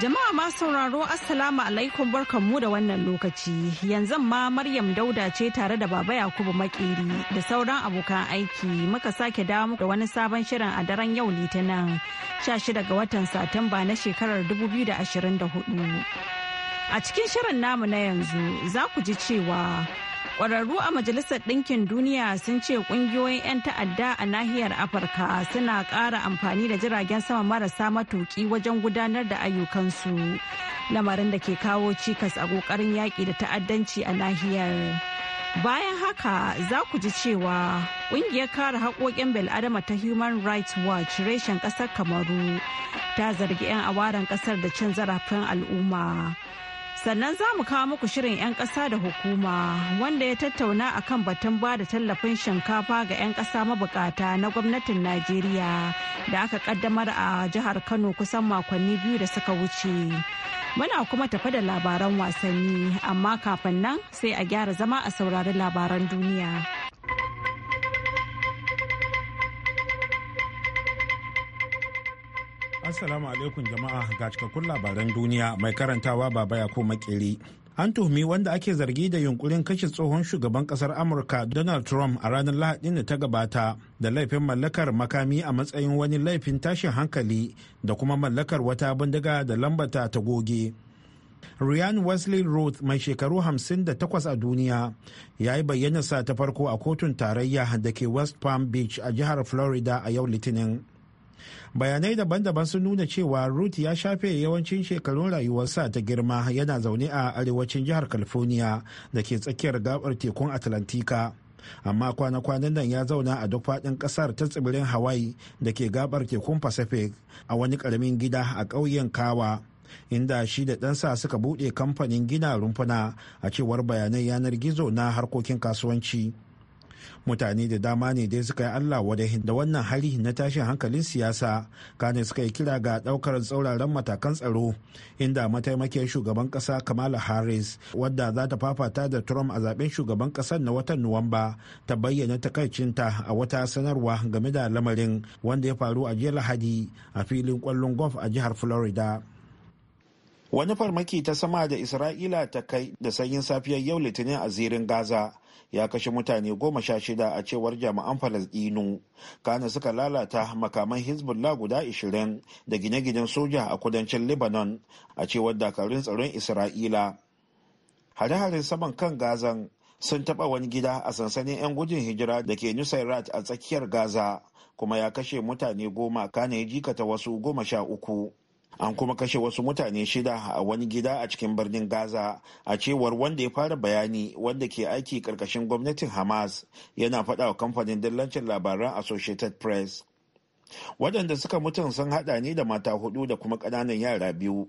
Jama'a ma sauraro Assalamu alaikum barkanmu da wannan lokaci. Yanzu ma Maryam Dauda ce tare da Baba Yakubu Makeri da sauran abokan aiki muka sake damu da wani sabon shirin a daren yau Litinin 16 ga watan Satumba na shekarar 2024. A cikin shirin namu na yanzu za ku ji cewa Kwararru a Majalisar Ɗinkin Duniya sun ce ƙungiyoyin 'yan ta'adda a nahiyar Afirka suna ƙara amfani da jiragen sama marasa matuƙi wajen gudanar da ayyukansu. Lamarin da ke kawo cikas a ƙoƙarin yaƙi da ta'addanci a nahiyar. Bayan haka za ku ji cewa ƙungiyar kare haƙoƙin bil'adama ta Human Rights Watch reshen ƙasar Kamaru ta zargi 'yan awaren ƙasar da cin zarafin al'umma. sannan za mu kawo muku shirin 'yan ƙasa da hukuma wanda ya tattauna a kan batun ba da tallafin shinkafa ga 'yan ƙasa mabukata na gwamnatin najeriya da aka kaddamar a jihar kano kusan makonni biyu da suka wuce muna kuma tafi da labaran wasanni amma kafin nan sai a gyara zama a saurari labaran duniya. Assalamu alaikum jama'a ga cikakkun labaran duniya mai karantawa baba ya ko makeri. An tuhumi wanda ake zargi da yunkurin kashe tsohon shugaban kasar Amurka Donald Trump a ranar Lahadin da ta gabata da laifin mallakar makami a matsayin wani laifin tashin hankali da kuma mallakar wata bindiga da lambata ta goge. Ryan Wesley Roth mai shekaru 58 a duniya ya yi bayyanarsa ta farko a kotun tarayya da ke West Palm Beach a jihar Florida a yau Litinin. bayanai daban-daban sun nuna cewa root ya shafe yawancin shekarun rayuwarsa ta girma yana zaune a arewacin jihar california da ke tsakiyar gabar tekun atlantika amma kwana-kwanan nan ya zauna a duk faɗin ƙasar ta tsibirin hawaii da ke gabar tekun pacific a wani ƙaramin gida a ƙauyen kawa inda shi da ɗansa suka buɗe kamfanin gina rumfuna a cewar bayanai yanar gizo na harkokin kasuwanci. mutane da dama ne dai suka yi allah wadahin da wannan hari na tashin hankalin siyasa kane suka yi kira ga daukar tsauraran matakan tsaro inda mataimakiyar shugaban kasa kamala harris wadda za ta fafata da trump a zaben shugaban kasar na watan nuwamba ta bayyana takaicinta a wata sanarwa game da lamarin wanda ya faru a jiya lahadi a filin kwallon golf a jihar florida wani farmaki ta sama da isra'ila ta kai da sanyin safiyar yau litinin a zirin gaza ya kashe mutane goma sha shida a cewar jami'an falasdino kana suka lalata makaman hezbollah guda ishirin da gine-ginen soja a kudancin lebanon a cewar dakarun tsaron isra'ila hare-haren saman kan gazan sun taɓa wani gida a sansanin 'yan gudun hijira da ke nusairat a tsakiyar gaza kuma ya kashe mutane goma kana ya jikata wasu goma sha uku an kuma kashe wasu mutane shida a wani gida a cikin birnin gaza a cewar wanda ya fara bayani wanda ke aiki karkashin gwamnatin hamas yana faɗa wa kamfanin dillancin labaran associated press waɗanda suka mutum sun haɗa ne da mata hudu da kuma ƙananan yara biyu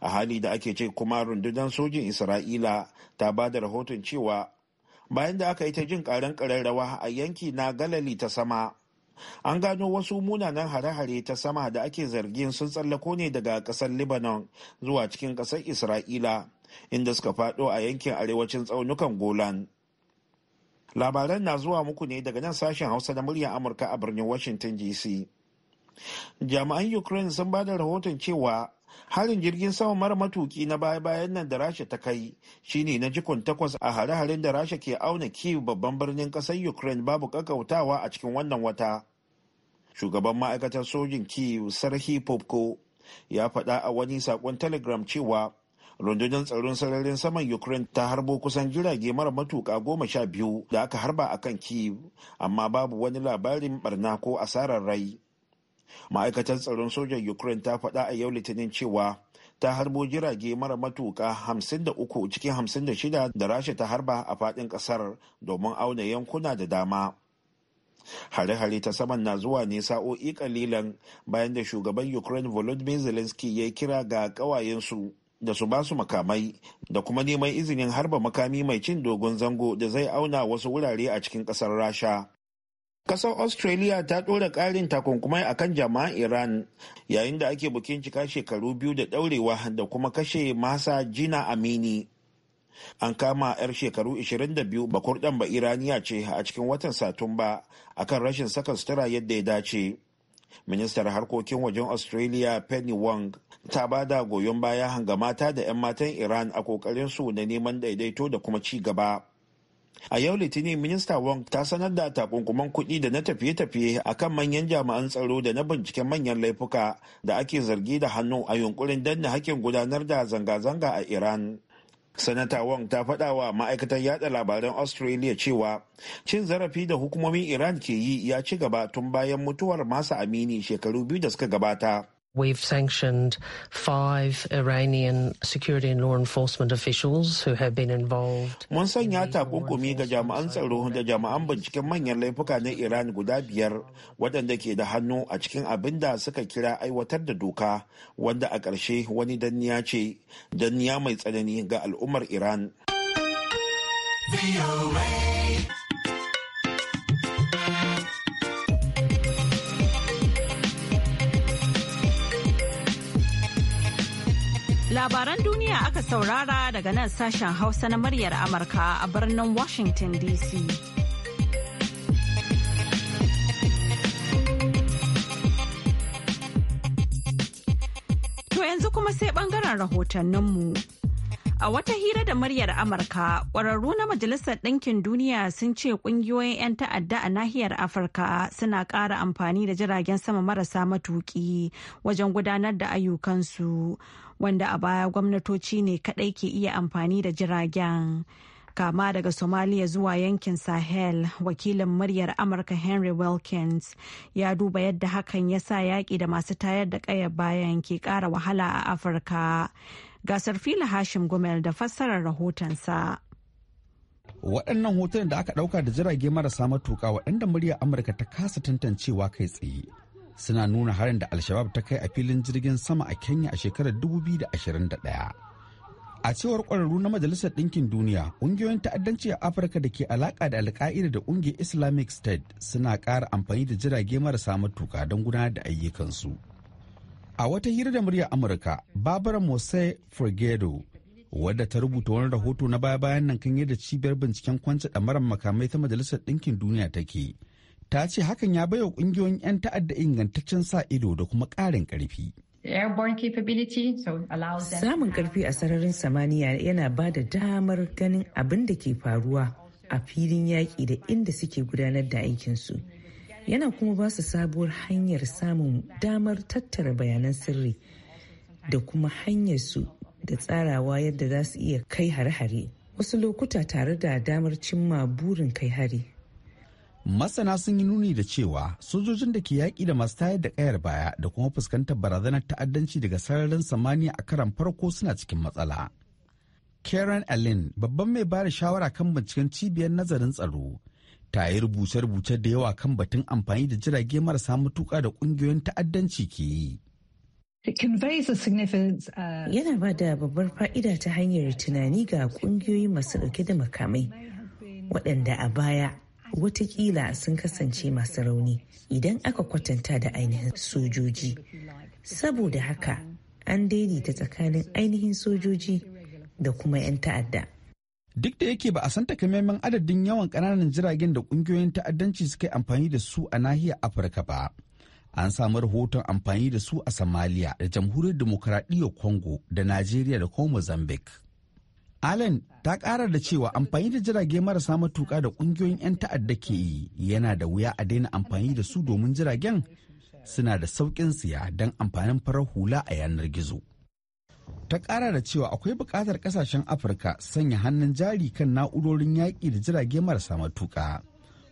a hali da ake ce kuma rundunar sojin isra'ila ta ba da rahoton cewa bayan da aka yi ta jin ƙaran ƙararrawa a yanki na galali ta sama an gano wasu munanan hare-hare ta sama da ake zargin sun tsallako ne daga ƙasar lebanon zuwa cikin ƙasar isra'ila inda suka faɗo a yankin arewacin tsaunukan golan labaran na zuwa muku ne daga nan sashen hausa da muryar amurka a birnin washington dc jami'an ukraine sun ba da rahoton cewa harin jirgin sama mara matuki na baya-bayan nan da rasha ta kai shine na jikon takwas a hare-haren da rasha ke auna kiyu babban birnin kasar ukraine babu kakautawa a cikin wannan wata shugaban ma'aikatar sojin kiev sarhi popko ya faɗa a wani sakon telegram cewa rundunar tsaron sararin saman ukraine ta harbo kusan jirage mara matuƙa goma sha biyu da aka harba a kan kiev amma babu wani labarin barna ko asarar rai ma'aikatar tsaron sojan ukraine ta faɗa a yau litinin cewa ta harbo jirage mara matuƙa 53 cikin 56 da rasha ta harba a faɗin ƙasar domin auna yankuna da dama hare-hare ta saman na zuwa ne sa'o'i kalilan bayan da shugaban ukraine volodymyr zelensky ya kira ga kawayensu da su basu makamai da kuma neman izinin harba makami mai cin dogon zango da zai auna wasu wurare a cikin kasar rasha kasar australia ta ɗora ƙarin takunkumai a kan jama'an iran yayin da ake bukin cika shekaru biyu da ɗaurewa da kuma kashe masa jina amini an kama 'yar shekaru 22 dan ba iraniya ce a cikin watan satumba akan rashin saka sutura yadda ya dace ministar harkokin wajen australia penny wong ta ba da goyon baya hanga mata da 'yan matan iran a kokarin su na neman daidaito da kuma ci gaba a yau litinin minista wong ta sanar da takunkuman kuɗi da na tafiye-tafiye a kan manyan jami'an tsaro da na binciken manyan laifuka da ake zargi da hannu a yunkurin danna hakkin gudanar da zanga-zanga a iran Sanata Wong ta faɗa wa ma'aikatar yada labaran Australia cewa cin zarafi da hukumomin Iran ke yi ya ci gaba tun bayan mutuwar Masa Amini shekaru biyu da suka gabata. We've sanctioned five Iranian security and law enforcement officials who have been involved. Mun sanya takunkumi ga jami'an tsaro da jami'an binciken manyan laifuka na Iran guda biyar waɗanda ke da hannu a cikin abin da suka kira aiwatar da doka wanda a ƙarshe wani danniya ce danniya mai tsanani ga al'ummar Iran. Labaran duniya aka saurara daga nan sashen Hausa na muryar Amurka a birnin Washington DC. To yanzu kuma sai bangaren rahotanninmu. A wata hira da muryar Amurka, ƙwararru na Majalisar Ɗinkin Duniya sun ce ƙungiyoyin 'yan ta'adda a nahiyar Afirka suna ƙara amfani da jiragen sama marasa matuƙi wajen gudanar da ayyukansu, wanda a baya gwamnatoci ne kaɗai ke iya amfani da jiragen. Kama daga Somalia zuwa yankin Sahel, wakilin muryar Amurka Henry Wilkins ya duba yadda hakan ya sa yaƙi da masu tayar da ƙayar bayan ke ƙara wahala a Afirka. Gasar fila Hashim gomel da fassarar rahotonsa. Waɗannan hotunan da aka ɗauka da jirage marasa matuka waɗanda muryar Amurka ta kasa tantancewa kai tsaye suna nuna harin da Alshabab ta kai a filin jirgin sama a Kenya a shekarar 2021. a cewar ƙwararru na majalisar ɗinkin duniya ƙungiyoyin ta'addanci a afirka da ke alaƙa da alka'ida da ƙungiyar islamic state suna ƙara amfani da jirage marasa matuka don gudanar da ayyukansu A wata hira da muryar Amurka, Barbara Mose Forgedo, wadda ta rubuta wani rahoto na baya-bayan nan kan yadda cibiyar binciken kwanci ɗamarar makamai ta Majalisar Ɗinkin Duniya take, ta ce hakan ya baiwa ƙungiyoyin 'yan ta'adda ingantaccen sa ido da kuma ƙarin ƙarfi. Samun ƙarfi a sararin samaniya yana ba da damar ganin abin da ke faruwa a filin yaƙi da inda suke gudanar da aikinsu. su. yana kuma ba su sabuwar hanyar samun damar tattara bayanan sirri da kuma hanyar su da tsarawa yadda za su iya kai hare-hare wasu lokuta tare da damar cimma burin kai hari. masana sun yi nuni da cewa sojojin da ke yaƙi da masu tayar da ƙayar baya da kuma fuskantar barazanar ta'addanci daga sararin samaniya a karan farko suna cikin matsala. Karen Allen babban mai da shawara kan binciken cibiyar nazarin tsaro ta yi rubuce-rubuce da yawa kan batun amfani da jirage marasa matuƙa da ƙungiyoyin ta'addanci ke yi. Uh, Yana ba da babbar fa'ida ta hanyar tunani ga ƙungiyoyi masu ɗauke da makamai waɗanda a baya watakila sun kasance masu rauni idan aka kwatanta da ainihin sojoji. Saboda haka an daidaita tsakanin ainihin sojoji da kuma 'yan ta'adda. duk da yake ba a san takamaiman adadin yawan ƙananan jiragen da ƙungiyoyin ta'addanci suka yi amfani da su a nahiyar afirka ba an samu rahoton amfani da su a somalia da jamhuriyar demokuraɗiyyar congo da najeriya da kuma mozambique allen ta ƙara da cewa amfani da jirage marasa matuka da ƙungiyoyin 'yan ta'adda ke yi yana da wuya a daina amfani da su domin jiragen suna da sauƙin siya don amfanin farar hula a yanar gizo. ta kara da cewa akwai bukatar kasashen afirka sanya hannun jari kan na'urorin yaƙi da jirage marasa matuƙa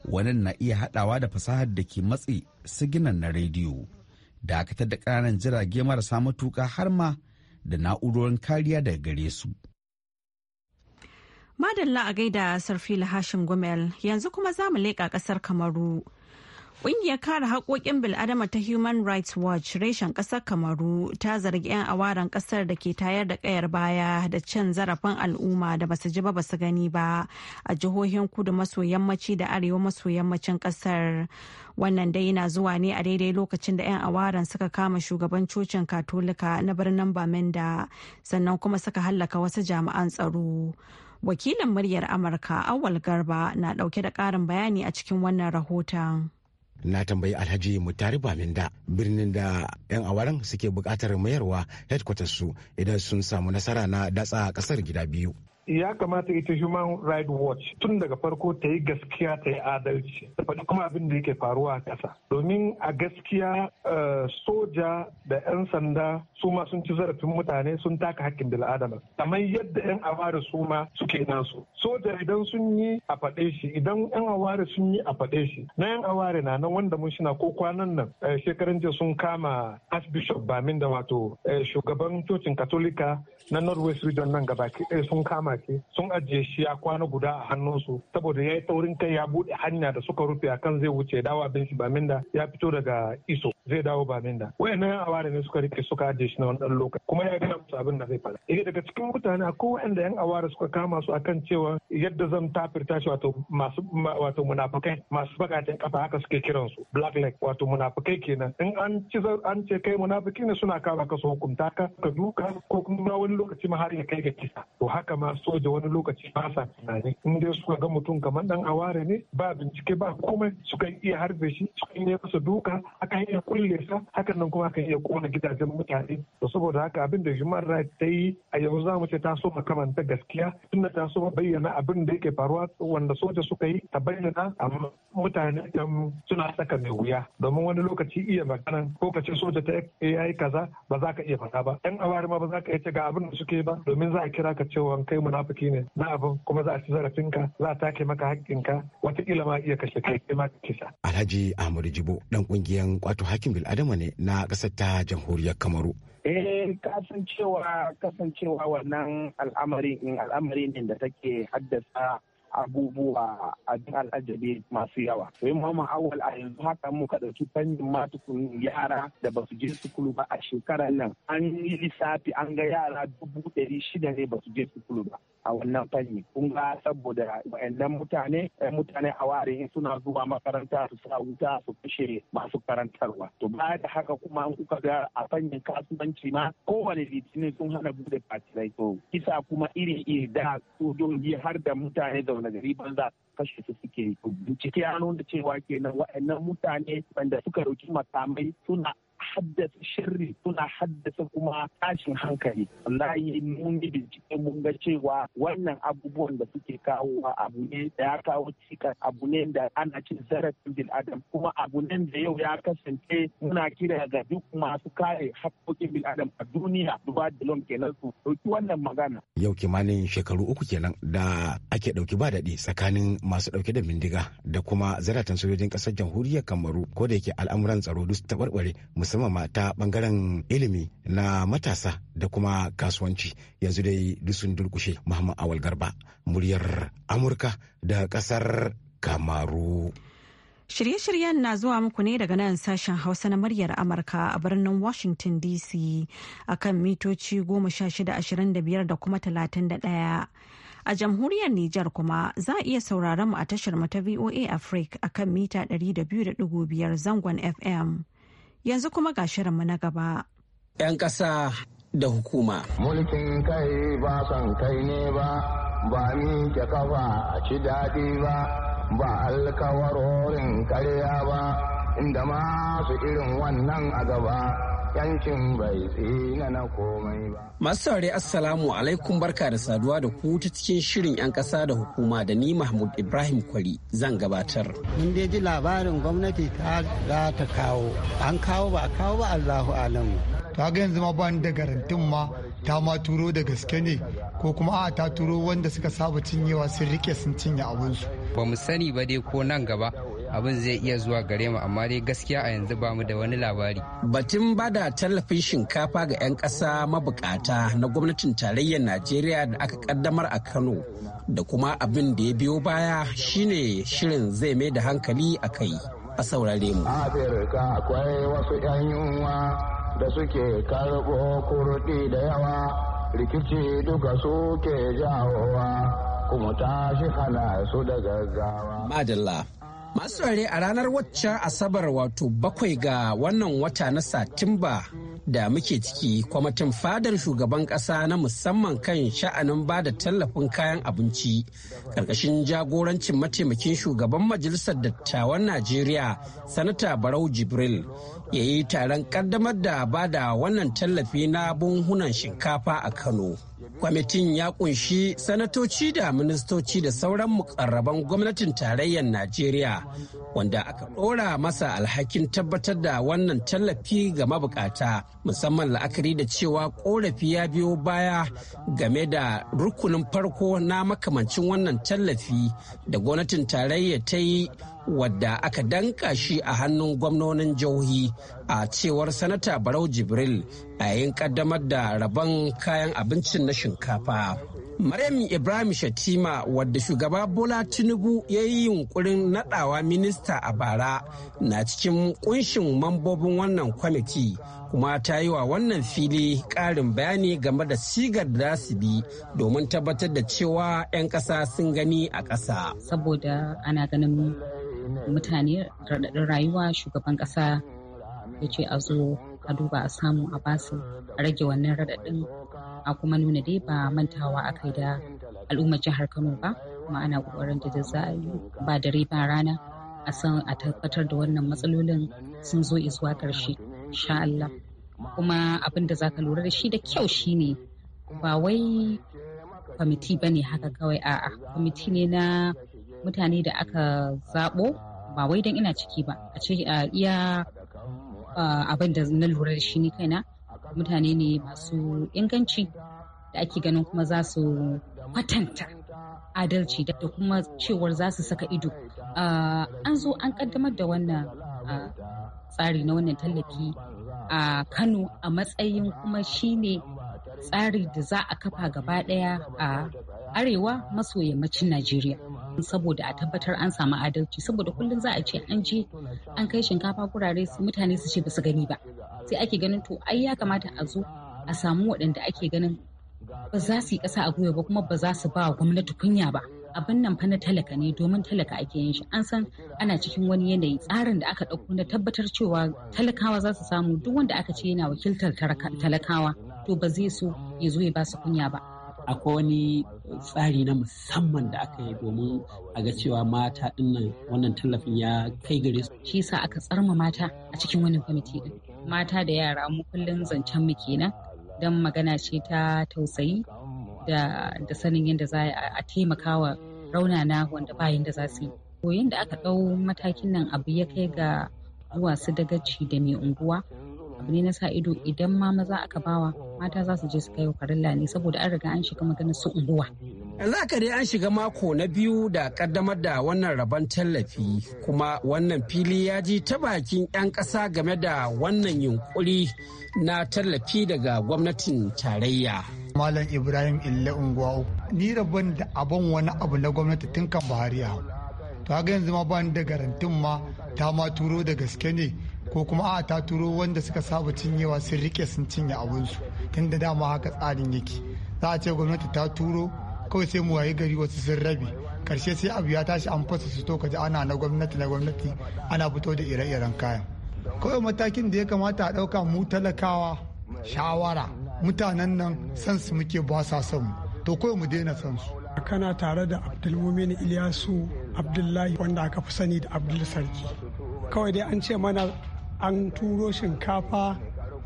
wannan na iya haɗawa da fasahar da ke matse siginan na rediyo dakatar da ƙananan jirage marasa matuƙa har ma da na'urorin kariya daga gare su madalla a gaida sarfila hashim gumel yanzu kuma za mu leƙa ƙasar kamaru Ƙungiyar kare haƙoƙin bil'adama ta Human Rights Watch reshen ƙasar Kamaru ta zargi 'yan awaren ƙasar da ke tayar da ƙayar baya da cin zarafin al'umma da basu ji ba basu gani ba a jihohin kudu maso yammaci da arewa maso yammacin ƙasar. Wannan dai yana zuwa ne a daidai lokacin da 'yan awaren suka kama shugaban cocin katolika na birnin Bamenda sannan kuma suka hallaka wasu jami'an tsaro. Wakilin muryar Amurka Awal Garba na ɗauke da ƙarin bayani a cikin wannan rahoton. na tambayi alhaji mutari baminda birnin da 'yan awaran suke buƙatar mayarwa headquarters su idan sun samu nasara na datsa ƙasar gida biyu ya kamata ita human rights watch tun daga farko ta yi gaskiya ta yi adalci da faɗi kuma abin da yake faruwa a ƙasa domin a gaskiya eh, soja da 'yan sanda su ma sun ci zarafin mutane sun taka hakkin adama. kamar yadda 'yan awari su ma suke nasu soja idan sun yi a faɗe shi idan 'yan awari sun yi a faɗe shi na 'yan awari na nan wanda mun shina ko kwanan nan eh, shekaran jiya sun kama archbishop bamin da wato eh, shugaban cocin katolika na northwest region nan gabaki ɗaya sun kama take sun ajiye shi ya kwana guda a hannunsu saboda ya yi taurin kai ya buɗe hanya da suka rufe akan zai wuce dawo abin shi baminda ya fito daga iso zai dawo baminda wayannan yan aware ne suka rike suka ajiye shi na wani dan lokaci kuma ya gaya musu abin da zai faɗa daga eh, daga cikin mutane akwai wayanda yan aware suka kama su akan cewa yadda zan tafirta shi wato masu wato munafukai masu bakatin kafa haka suke kiransu black leg wato munafukai kenan in an ci an ce kai munafiki ne suna kama ka su hukunta ka ka duka ko kuma wani lokaci ma har ya kai ga kisa to haka ma soja wani lokaci ba sa tunani in dai suka ga mutum kamar dan aware ne ba bincike ba komai suka iya harbe shi suka iya masa duka akan iya kulle sa hakan nan kuma akan iya kona gidajen mutane to saboda haka abin da human rights ta yi a yanzu za mu ce ta so makamanta gaskiya tunda ta so bayyana abin da yake faruwa wanda soja suka yi ta bayyana amma mutane suna saka mai wuya domin wani lokaci iya magana ko ka ce soja ta yi kaza ba za ka iya faɗa ba yan aware ma ba za ka iya ce ga abin da suke ba domin za a kira ka cewa kai mu munafiki ne na abin kuma za a ci zarafinka za a take maka haƙƙinka watakila ma iya kashe kai kai ma kisa. Alhaji Ahmadu Jibo dan kungiyan kwato bil adama ne na ƙasar ta jamhuriyar Kamaru. Eh kasancewa kasancewa wannan al'amari in al'amari ne da take haddasa abubuwa a al'ajabi masu yawa. Sai Muhammad Awal a yanzu haka muka ɗauki fannin ma yara da basu je sukulu ba a shekarar nan. An yi lissafi an ga yara dubu ɗari shida ne basu je sukulu ba. a wannan fanni kun ga saboda wayannan mutane eh, mutane a ware suna zuwa makaranta su sa wuta su kashe masu karantarwa to baya da haka kuma an kuka ga a fannin kasuwanci ma kowane litinin sun hana bude fatirai kisa kuma iri iri da sojoji har da mutane zaune na gari banza kashe su suke bincike ya nuna cewa kenan wa'annan mutane wanda suka dauki makamai suna haddasa shirri suna haddasa kuma tashin hankali wallahi mun yi bincike mun ga cewa wannan abubuwan da suke kawo abu ne da ya kawo cikas abu ne da ana cin zarafin bil adam kuma abu ne da yau ya kasance muna kira ga duk masu kare haƙƙoƙin bil adam a duniya duba da lom kenan su ɗauki wannan magana yau kimanin shekaru uku kenan da ake ɗauki ba daɗi tsakanin masu ɗauke da bindiga da kuma zaratan sojojin ƙasar jamhuriyar kamaru ko da yake al'amuran tsaro duk taɓarɓare musamman musamman mata bangaren ilimi na matasa da kuma kasuwanci yanzu dai dusun durkushe muhammad awal garba muryar amurka da kasar kamaru Shirye-shiryen na zuwa muku ne daga nan sashen Hausa na muryar Amurka a birnin Washington DC a kan mitoci 1625 da kuma 31. A jamhuriyar Nijar kuma za a iya sauraron mu a tashar mu ta VOA Africa a kan mita 200.5 zangon FM. yanzu kuma ga shirinmu na gaba. 'Yan ƙasa da hukuma. Mulkin kai ba son kai ne ba, ba ni ke kafa a ci daɗi ba, ba alkawarorin karya ba, inda masu irin wannan a gaba. yankin bai tsaye na komai ba. Masu saurari Assalamu alaikum barka da saduwa da ku ta cikin shirin 'yan ƙasa da hukuma da ni Mahmud Ibrahim Kwari zan gabatar. Mun dai ji labarin gwamnati ta za ta kawo, an kawo ba a kawo ba Allahu alamu. Ta ga yanzu ma bani da garantin ma ta ma turo da gaske ne ko kuma a ta turo wanda suka saba cinyewa sun rike sun cinye abinsu. Ba mu sani ba dai ko nan gaba abin zai iya zuwa gare mu amma dai gaskiya a yanzu ba mu da wani labari. Batun bada tallafin shinkafa ga 'yan ƙasa mabukata na gwamnatin tarayyar Najeriya da aka kaddamar a Kano da kuma abin da ya biyo baya shine shirin zai mai da hankali a kai a saurare mu. akwai wasu 'yan yunwa da suke karɓo kurɗi da yawa rikici duka suke jawowa kuma tashi hana su da gaggawa. Madalla. Masu rare a ranar waccan Asabar wato bakwai ga wannan wata na satimba da muke ciki kwamitin fadar shugaban kasa na musamman kan sha'anin ba da tallafin kayan abinci ƙarƙashin jagorancin mataimakin shugaban majalisar dattawan Najeriya sanata Barau Jibril ya yi taron ƙaddamar da ba da wannan tallafi na bunhunan shinkafa a Kano. Kwamitin ya kunshi sanatoci da ministoci da sauran mukarraban gwamnatin tarayyar Najeriya wanda aka ɗora masa alhakin tabbatar da wannan tallafi ga mabukata musamman la'akari da cewa ƙorafi ya biyo baya game da rukunin farko na makamancin wannan tallafi da gwamnatin tarayyar ta yi wadda aka danka shi a hannun gwamnonin jihohi a cewar sanata barau jibril a yayin kaddamar da rabon kayan abincin na shinkafa Maryam Ibrahim Shatima wadda shugaba Bola Tinubu ya yi yunkurin nadawa minista a bara na cikin kunshin mambobin wannan kwamiti kuma ta yi wa wannan fili karin bayani game da sigar da su bi domin tabbatar da cewa 'yan ƙasa sun gani a ƙasa. Saboda ana ganin mutane raɗaɗin rayuwa shugaban ƙasa ya ce a zo a duba a samu a basu a rage wannan raɗaɗin a kuma nuna dai ba mantawa a kai da al'ummar jihar kano ba kuma ana ƙoƙarin da za a yi ba dare ba rana a san a tabbatar da wannan matsalolin sun zo zuwa ƙarshe sha Allah kuma abin da za ka lura da shi da kyau shine ba wai kwamiti ba ne haka kawai a'a kwamiti ne na mutane da aka zaɓo ba wai don ina ciki ba a ce iya abin da na lura da shi ni kaina mutane ne masu inganci da ake ganin kuma za su kwatanta adalci da kuma cewar za su saka ido an zo an kaddamar da wannan tsari na wannan tallafi a kano a matsayin kuma shine tsari da za a kafa gaba daya a arewa maso yammacin najeriya saboda a tabbatar an samu adalci saboda kullum za a ce an je an kai shinkafa gurare mutane su ce basu gani ba sai ake ganin to ai ya kamata a zo a samu waɗanda ake ganin ba za su yi ƙasa a gwiwa ba kuma ba za su ba wa gwamnati kunya ba abin nan fa na talaka ne domin talaka ake yin shi an san ana cikin wani yanayi tsarin da aka ɗauko na tabbatar cewa talakawa za su samu duk wanda aka ce yana wakiltar talakawa to ba zai so ya zo ya ba su kunya ba akwai wani tsari na musamman da aka yi domin a ga cewa mata dinnan wannan tallafin ya kai gare su shi sa aka tsarma mata a cikin wannan kwamiti din mata da yara mu kullun zancen mu kenan don magana ce ta tausayi da, da sanin yadda za a taimaka wa na wanda ba da za su yi koyin da aka ɗau matakin nan abu ya kai ga zuwa su dagaci da mai unguwa abu ne na sa ido idan ma maza aka bawa mata za su je su kai farilla ne saboda an riga an shiga maganar su unguwa yanzu aka dai an shiga mako na biyu da kaddamar da wannan rabon tallafi kuma wannan fili ya ji ta bakin 'yan kasa game da wannan yunkuri na tallafi daga gwamnatin tarayya malam ibrahim ille unguwa ni rabon da abon wani abu na gwamnati tun kan bahariya to ga yanzu ma ba ni da garantin ma ta ma turo da gaske ne ko kuma a ta turo wanda suka saba cinyewa sun rike sun cinye abinsu da dama haka tsarin yake za a ce gwamnati ta turo kawai sai mu waye gari wasu sun rabi karshe sai abu ya tashi an fasa su to ka ji ana na gwamnati na gwamnati ana fito da ire-iren kayan kawai matakin da ya kamata a ɗauka mu talakawa shawara mutanen nan san su muke ba sa son mu to kawai mu daina san su kana tare da abdulmumin ilyasu abdullahi wanda aka fi sani da abdul sarki kawai dai an ce mana an turo shinkafa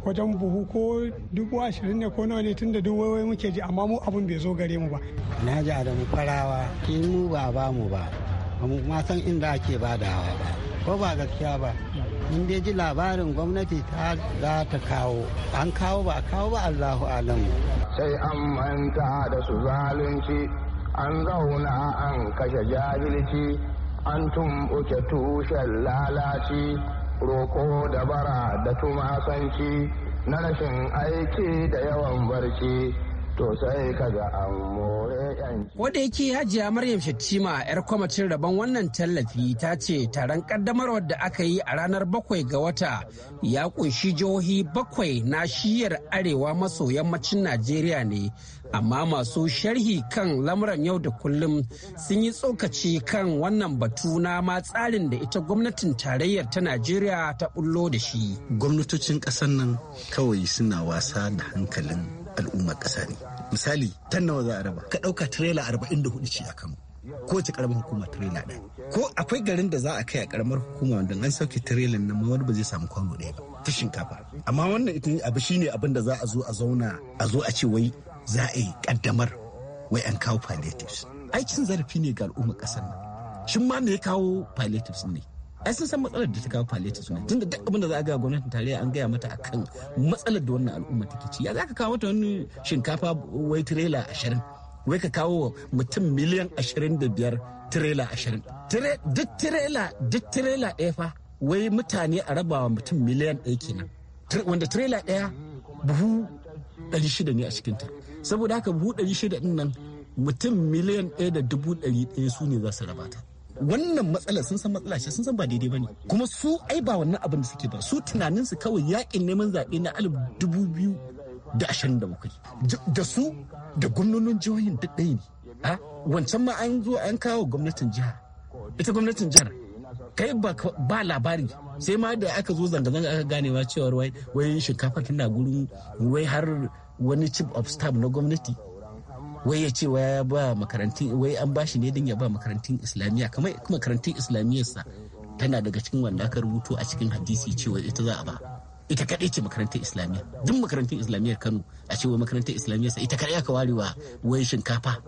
wajen buhu ko dubu ashirin ne ko nawa ne tun da dubu muke ji amma mu abin bai zo gare mu ba. Na ji Adamu farawa in mu ba ba mu ba ma san inda ake hawa ba ko ba gaskiya ba in dai ji labarin gwamnati ta za ta kawo an kawo ba kawo ba Allahu alamu. Sai an manta da su zalunci an zauna an kashe jahilci an tumbuke tushen lalaci roko da bara da tumasanci na rashin aiki da yawan barci to sai ka ga an more Wadda yake hajiya Maryam Shattima yar kwamacin rabon wannan tallafi ta ce taron kaddamarwar da aka yi a ranar bakwai ga wata ya kunshi jihohi bakwai na shiyar arewa maso yammacin Najeriya ne amma masu sharhi kan lamuran yau da kullum sun yi tsokaci kan wannan batu na ma tsarin da ita gwamnatin tarayyar ta najeriya ta bullo da shi gwamnatocin ƙasar nan kawai suna wasa da hankalin al'ummar ƙasa ne misali tan nawa za a raba ka ɗauka tirela arba'in da hudu ce a kano kowace karamar hukuma tirela ɗaya ko akwai garin da za a kai a karamar hukuma wanda an sauke tirelan nan wani ba zai samu kwano ɗaya ba ta shinkafa amma wannan ita abu shine abin da za a zo a zauna a zo a ce wai za a yi kaddamar wai an kawo palliatives aikin zarafi ne ga al'ummar kasar nan shin ma me ya kawo palliatives ne ai sun san matsalar da ta kawo palliatives ne tunda duk abin da za a ga gwamnatin tarayya an gaya mata akan matsalar da wannan al'umma take ci ya za ka kawo mata wani shinkafa wai tirela ashirin wai ka kawo mutum miliyan ashirin da biyar tirela ashirin duk tirela duk tirela ɗaya fa wai mutane a rabawa mutum miliyan ɗaya kenan wanda tirela ɗaya buhu ɗari shida ne a cikinta saboda haka buhu ɗari shida ɗin nan mutum miliyan ɗaya da dubu ɗari ɗaya su ne za su raba ta wannan matsalar sun san matsala sun san ba daidai ba ne kuma su ai ba wannan abin da suke ba su tunaninsu kawai yaƙin neman zaɓe na alif dubu biyu da ashirin da bakwai da su da gwamnonin jihohin duk ɗaya ne wancan ma an zo an kawo gwamnatin jiha ita gwamnatin jihar kai ba labari sai ma da aka zo zanga-zanga aka ganewa cewar wai wai shinkafa tana gurin wai har wani chief of staff na gwamnati wai ya ce ya ba wai an bashi ne don ya ba makarantun islamiyya kamar makarantun islamiyyarsa tana daga cikin wanda aka rubuto a cikin hadisi cewa ita za a ba ita kaɗai ce makarantar islamiyya duk makarantar islamiyyar kano a cewa makarantar islamiyyarsa ita kaɗai aka warewa wai shinkafa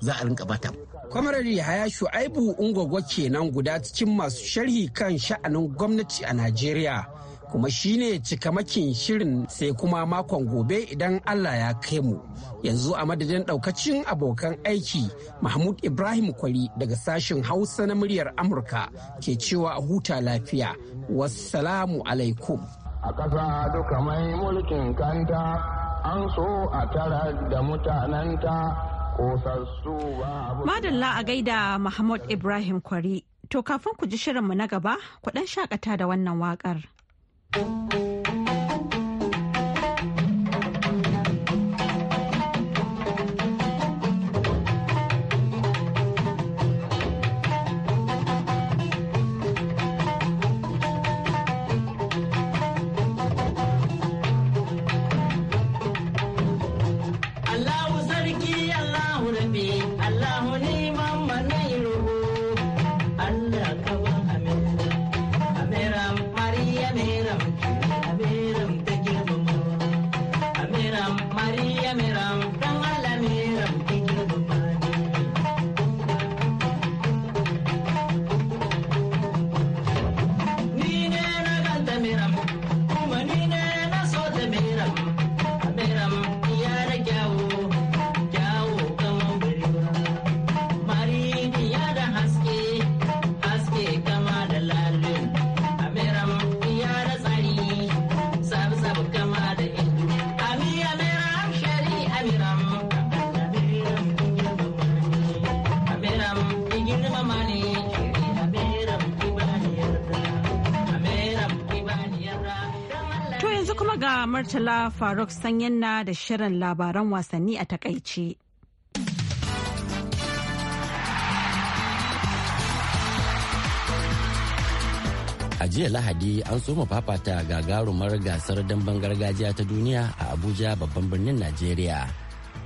za a rinka bata kwamarari haya shu'aibu ungwagwa kenan guda cikin masu sharhi kan sha'anin gwamnati a najeriya kuma shine cikamakin shirin sai kuma makon gobe idan Allah ya kai mu. Yanzu a madadin daukacin abokan aiki Mahmud Ibrahim Kwari daga sashen Hausa na muryar Amurka ke cewa a huta lafiya. Wassalamu alaikum. A ƙasa duka mai mulkin kanta an so a tara da mutananta Madalla a gaida Mahmud Ibrahim Kwari. To kafin ku ji shirinmu na gaba, ku ɗan shakata da wannan waƙar. Música Murtala Faruk Sanyanna da shirin labaran wasanni a takaice. A jiya Lahadi an soma fafata gagarumar gasar damben gargajiya ta duniya a Abuja babban birnin Najeriya.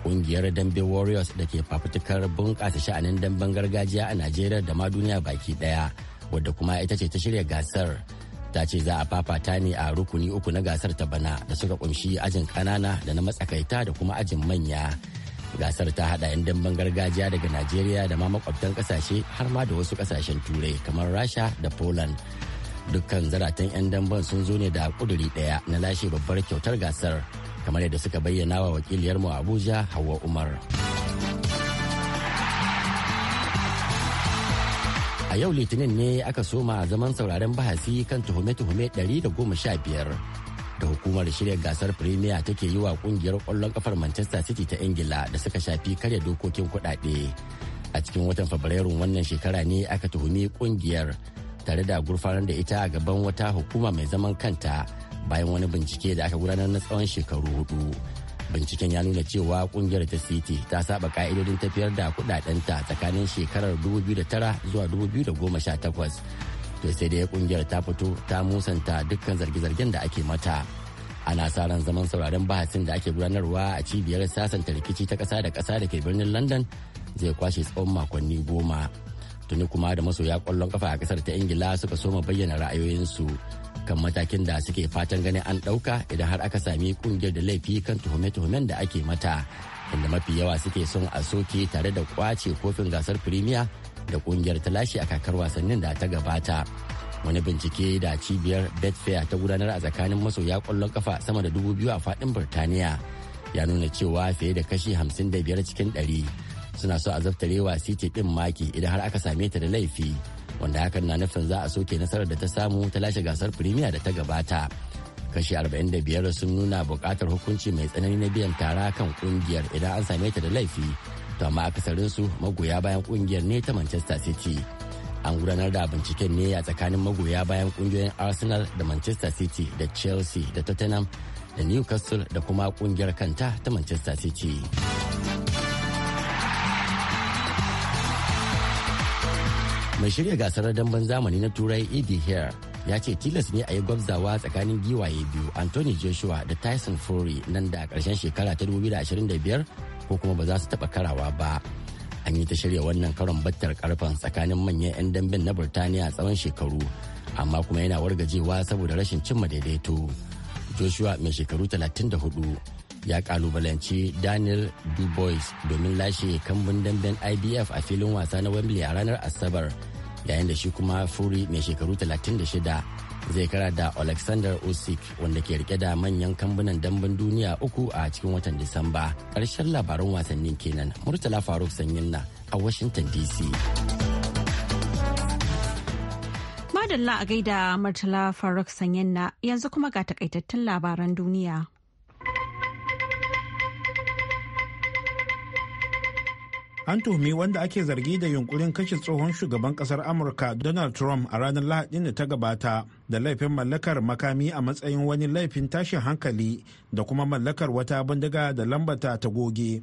Ƙungiyar Dambe Warriors da ke fafutukar bunƙasa sha'anin damben gargajiya a Najeriya da ma duniya baki ɗaya, wadda kuma ita ce ta shirya gasar. ta ce za a fafata ne a rukuni uku na gasar ta bana da suka kunshi ajin kanana da na matsakaita da kuma ajin manya gasar ta hada 'yan damben gargajiya daga najeriya da ma makwabtan kasashe har ma da wasu kasashen turai kamar rasha da poland dukkan zaratan 'yan damben sun zo ne da kuduri daya na lashe babbar kyautar gasar kamar yadda suka bayyana wa wakiliyarmu abuja hawa umar. a yau litinin ne aka soma zaman sauraren bahasi kan tuhume-tuhume 115 da hukumar shirya gasar premier take yi wa kungiyar kwallon kafar manchester city ta ingila da suka shafi karya dokokin kudade a cikin watan fabrairun wannan shekara ne aka tuhumi kungiyar tare da gurfanar da ita a gaban wata hukuma mai zaman kanta bayan wani bincike da aka gudanar na tsawon shekaru hudu binciken ya nuna cewa kungiyar ta city ta saba ka'idodin tafiyar da kudadenta tsakanin shekarar 2009 zuwa 2018 to sai dai kungiyar ta fito ta musanta dukkan zarge-zargen da ake mata ana sa ran zaman sauraron bahasin da ake gudanarwa a cibiyar sasanta rikici ta kasa da kasa da ke birnin london zai kwashe tsawon makonni goma tuni kuma da masoya kwallon kafa a kasar ta ingila suka soma bayyana ra'ayoyinsu kan matakin da suke fatan ganin an ɗauka idan har aka sami kungiyar da laifi kan tuhume-tuhumen da ake mata inda mafi yawa suke son a soke tare da kwace kofin gasar firimiya da kungiyar ta lashe a kakar wasannin da ta gabata wani bincike da cibiyar betfair ta gudanar a tsakanin masoya kwallon kafa sama da dubu biyu a fadin birtaniya ya nuna cewa fiye da kashi hamsin da biyar cikin ɗari suna so a zaftarewa city ɗin maki idan har aka same ta da laifi wanda hakan na nufin za a soke nasarar da ta samu ta lashe gasar firimiya da ta gabata kashi 45 sun nuna bukatar hukunci mai tsanani na biyan tara kan kungiyar idan an same ta da laifi to amma akasarinsu magoya bayan kungiyar ne ta manchester city an gudanar da binciken ne a tsakanin magoya bayan kungiyoyin arsenal da manchester city da chelsea da tottenham da newcastle da kuma kungiyar kanta ta manchester city mai shirya gasar damben zamani na turai ed hare ya ce tilas ne a yi gwabzawa tsakanin giwaye biyu anthony joshua da tyson fury nan da karshen shekara ta 2025 ko kuma ba za su taba karawa ba an yi ta shirya wannan karon battar karfan tsakanin manyan 'yan damben na burtaniya tsawon shekaru amma kuma yana wargajewa saboda rashin cimma daidaito joshua mai shekaru 34 ya kalubalanci daniel dubois domin lashe kambun damben ibf a filin wasa na wembley a ranar asabar yayin da shi kuma furi mai shekaru 36 zai kara da alexander usyk wanda ke rike da manyan kambunan damben duniya uku a cikin watan disamba ƙarshen labaran wasannin kenan murtala faruk sanyin a washington dc madalla a gaida murtala faruk sanyin yanzu kuma ga takaitattun labaran duniya an tuhumi wanda ake zargi da yunkurin kashe tsohon shugaban kasar amurka donald trump a ranar lahadin da ta gabata da laifin mallakar makami a matsayin wani laifin tashin hankali da kuma mallakar wata bindiga da lambata ta goge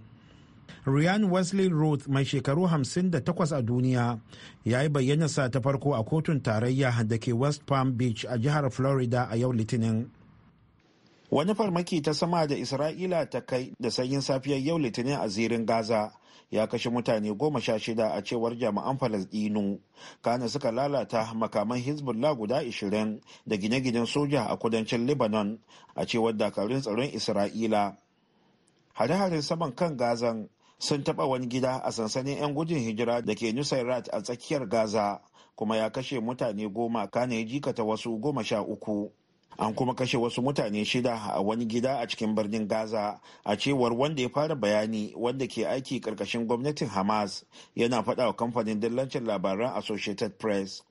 ryan wesley roth mai shekaru 58 a duniya ya yi bayyanarsa ta farko a kotun tarayya da ke west palm beach a jihar florida a yau litinin wani farmaki ta sama da isra'ila ta kai da sanyin safiyar yau litinin a zirin gaza ya kashe mutane goma sha shida a cewar jami'an falasdino kana suka lalata makaman hezbollah guda ashirin da gine-ginen soja a kudancin lebanon a cewar dakarun tsaron isra'ila hare-haren saman kan gazan sun taɓa wani gida a sansanin 'yan gudun hijira da ke nusairat a tsakiyar gaza kuma ya kashe mutane goma kana ya jikata wasu goma sha uku an kuma kashe wasu mutane shida a wani gida a cikin birnin gaza a cewar wanda ya fara bayani wanda ke aiki karkashin gwamnatin hamas yana faɗa wa kamfanin dillancin labaran associated press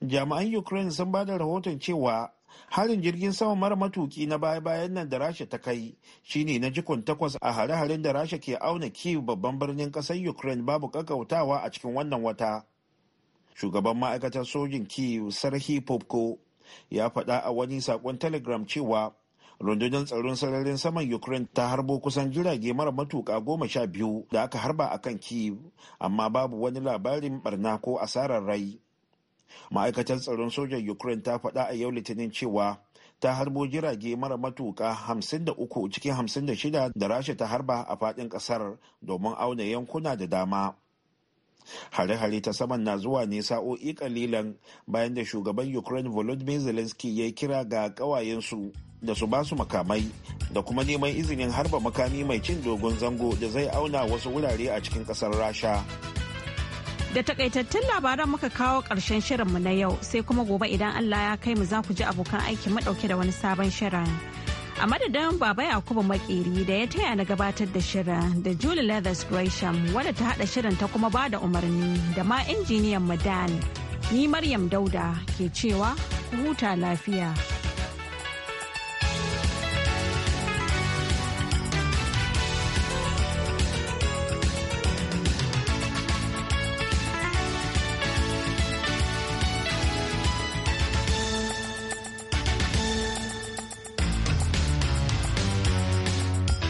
jami'an ukraine sun ba da rahoton cewa harin jirgin sama mara matuki na baya-bayan nan da rasha ta kai shine na jikun takwas a hare-haren da rasha ke auna kiyu babban birnin ƙasar ukraine babu kakautawa a cikin wannan wata shugaban ma'aikatar sojin kiyu sarhi popko ya faɗa a wani saƙon telegram cewa rundunar tsaron sararin saman ukraine ta harbo kusan jirage mara matuka goma sha biyu da aka harba a kan kiev amma babu wani labarin barna ko asarar rai ma'aikatar tsaron sojan ukraine ta faɗa a yau litinin cewa ta harbo jirage mara matuka 53 cikin 56 da rasha ta harba a faɗin ƙasar domin auna yankuna da dama hare-hare ta saman na zuwa ne sa'o'i kalilan bayan da shugaban ukraine volodymyr zelensky ya kira ga kawayensu da su basu makamai da kuma neman izinin harba makami mai cin dogon zango da zai auna wasu wurare a cikin kasar rasha da takaitattun labaran muka kawo ƙarshen shirinmu na yau sai kuma gobe idan allah ya kai mu za ku ji abokan aiki madauke da wani sabon shirin. a madadin baba yakubu makeri da ya taya na gabatar da shirin da julie leathers gresham wadda ta hada shirin ta kuma ba da umarni da ma injiniyan madan ni maryam dauda ke cewa huta lafiya.